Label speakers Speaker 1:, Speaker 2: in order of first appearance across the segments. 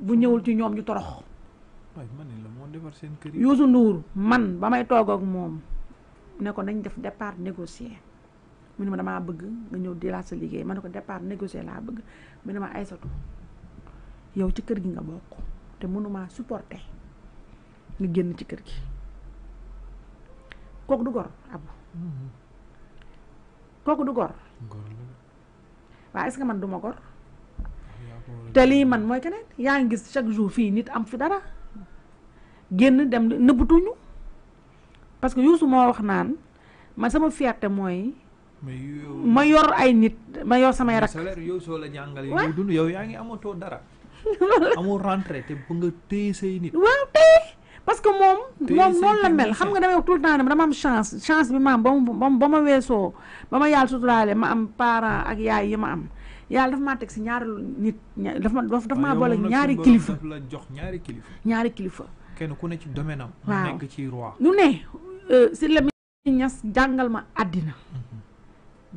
Speaker 1: bu ñewul ci ñom ñu torox yusu man ba may toog ak mom ne ko nañ def départ négocier mu ne ma damaa bëgg nga ñew di la sa liggéey man ko départ négocier la bëgg mu ne ma aysatu yow ci kër gi nga bokk te mënuma supporter nga génn ci kër gi kok du gor ab mm-hmm. kok du gor wa est ce que man duma gor te lii man mooy keneen yaa ngi gis chaque jour fii nit am fi dara génn dem nëbbutuñu parce que Youssou moo wax naan man sama fierté mooy. ma yor ay nit ma yor samay rakk. yow soo la jàngalee. yow yaa ngi amatoo dara. amoo rentré te bu nga téye say nit. waaw parce que moom moom noonu la mel xam nga damay tout le temps dama am chance chance bi ma am ba mu ba ma weesoo ba ma yàlla suturaale ma am parent ak yaay yi ma am yàlla dafa maa teg si ñaari nit dafa ma dafa maa boole ñaari kilifa ñaari kilifa ñaari kilifa kenn ku ne ci domaine am waaw nekk ci roi nu ne euh, si la mi ñas jàngal ma àddina mm-hmm.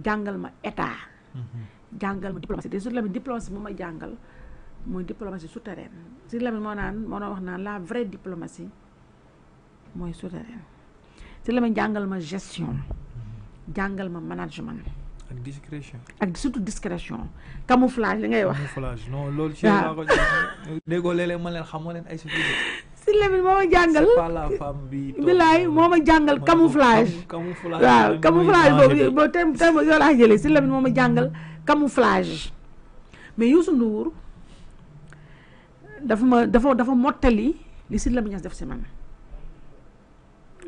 Speaker 1: jàngal ma état mm-hmm. jàngal ma diplomatie te sur la mi diplomatie bu ma jàngal mooy diplomatie souterraine si la mi moo naan moo wax naan la vraie diplomatie mooy souterraine si la ma jàngal ma gestion jàngal ma management. ak discrétion. ak surtout discrétion camouflage li ngay wax. camouflage non loolu. ci laa ko déggoo léeg ma leen xamoo leen ay si lamin moo ma jàngal bilaay moo ma jàngal camouflage waaw camouflage boobu boo te te yoo laa jëlee si lamin moo ma jàngal camouflage mais Youssou Ndour dafa ma dafa dafa mottali li si lamin ñas def si man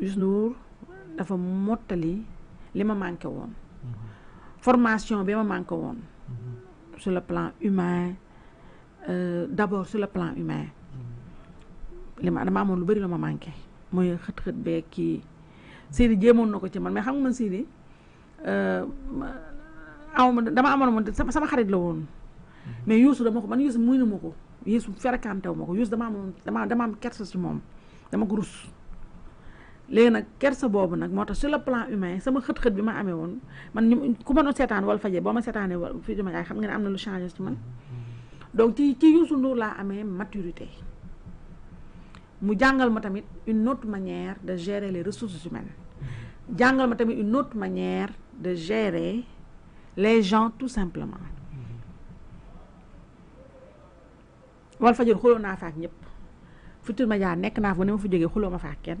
Speaker 1: Youssou Ndour dafa mottali lima ma manqué woon mhm. formation bi ma manqué won mhm. sur le plan humain euh, d'abord sur le plan humain mhm. li ma dama amoon lu bëri la ma manqué mooy xet xët bee kii Sidi jéemoon nako ci man mais xam nga man Sidi euh, aw dama amoon moom sama xarit la won mais Youssou dama ko man Youssou muy na ma ko Youssou fréquenté wu Youssou dama amoon dama dama am kersa ci mom dama ko rus léegi nag kersa boobu nag moo tax sur le plan humain sama xët-xët bi ma amee woon man ñu ku ma doon seetaan wal faje boo ma seetaanee wal fi juma yaay xam nga ne am na lu changé ci man donc ci ci Youssou Ndour laa amee maturité mu jàngal ma tamit une autre manière de gérer les ressources humaines jàngal ma tamit une autre manière de gérer les gens tout simplement wal fajee xuloo naa fa ak ñëpp Futurs Médias nekk naa fa ba ni ma fa jógee xuloo ma fa kenn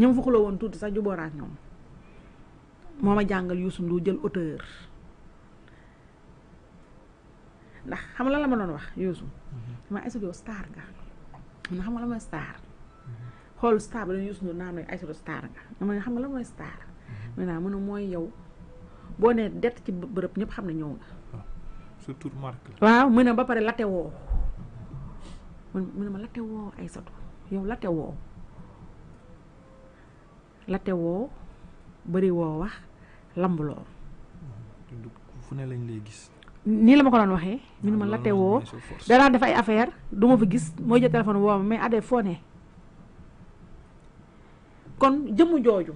Speaker 1: ñoom fu xuloo woon tuuti sax jubóor ak ñoom moo ma jàngal Youssou Ndour jël auteur ndax xam la la ma doon wax Youssou mhm. ma star nga man xam la mooy star xool star ba dañu Youssou Ndour naa may Aïssatou star nga dama xam nga la mooy star mhm. maintenant mu ne mooy yow boo ne dett ci bërëb ñépp xam ne ñëw nga oh. surtout waaw mu ne ba pare latte woo mu ne ma latte woo Aïssatou yow latte woo Latte wo beri wo wax lambuloo fu ne lañ lay gis ni la ma ko doon waxee ñu ne ma ah, wo da danaa def ay affaire duma fi gis mooy jël telephone wo mais adé foo kon jëm joju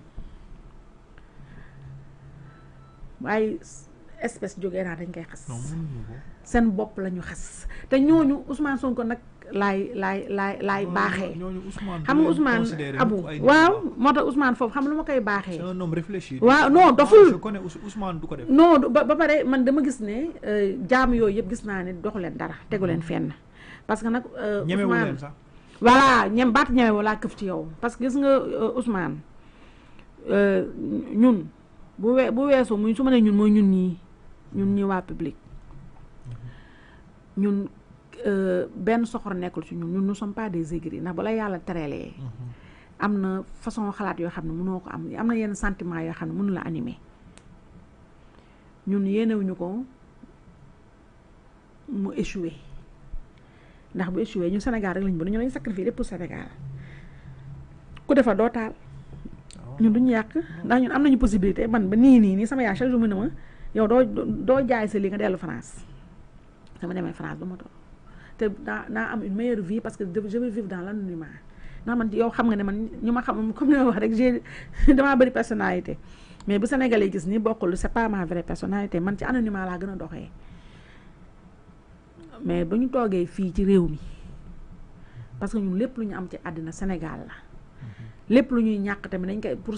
Speaker 1: ay espèce jogé na dañ koy xass sen bop lañu xass te ñooñu Ousmane Sonko nak laay laay laay laay baaxee. xam nga Ousmane Abu waaw moo tax Ousmane foofu xam lu ma koy baaxee. c'est un homme réfléchi. waaw non doful je connais Ousmane du ko def. non ba ba pare man dama gis ne euh, jaam yooyu yëpp gis naa ne doxu leen dara tegu leen mhm. fenn parce que nag. Euh, ñemewu leen sax voilà ñem baat ñeme wala këf ci yow parce que gis nga euh, Ousmane ñun bu we bu weesoo muy su ma ñun mooy ñun nii ñun ñii waa public mhm. ñun. Euh, benn soxor nekkul ci ñun ñun nous sommes pas des aigris ndax bala yàlla terelee. Mm-hmm. am na façon xalaat yoo xam ne mënoo ko am am na yenn sentiment yoo xam ne mënu la animer ñun yéenewuñu ko mu échoué ndax bu échoué ñu Sénégal lañ bëgg ñu pour Sénégal ku defar doo taal. Oh. ñun duñu yàq ndax ñun am nañu possibilité man ba nii nii nii sama yaay ne ma yow doo doo jaay sa li nga dellu France sama demee France du ma te daa naa am une meilleure vie parce que je vais vivre dans l'anonymat ndax man yow xam nga ne man ñu ma xam comme li ma wax rek j'ai damaa bëri personnalité mais bu Sénégalais gis ni bokkul c'est pas ma vraie personnalité man ci anonymat laa gën a doxee mais ba ñu toogee fii ci réew mi parce que ñu lépp lu ñu am ci àddina Sénégal la mm-hmm. lépp lu ñuy ñàkk tamit pour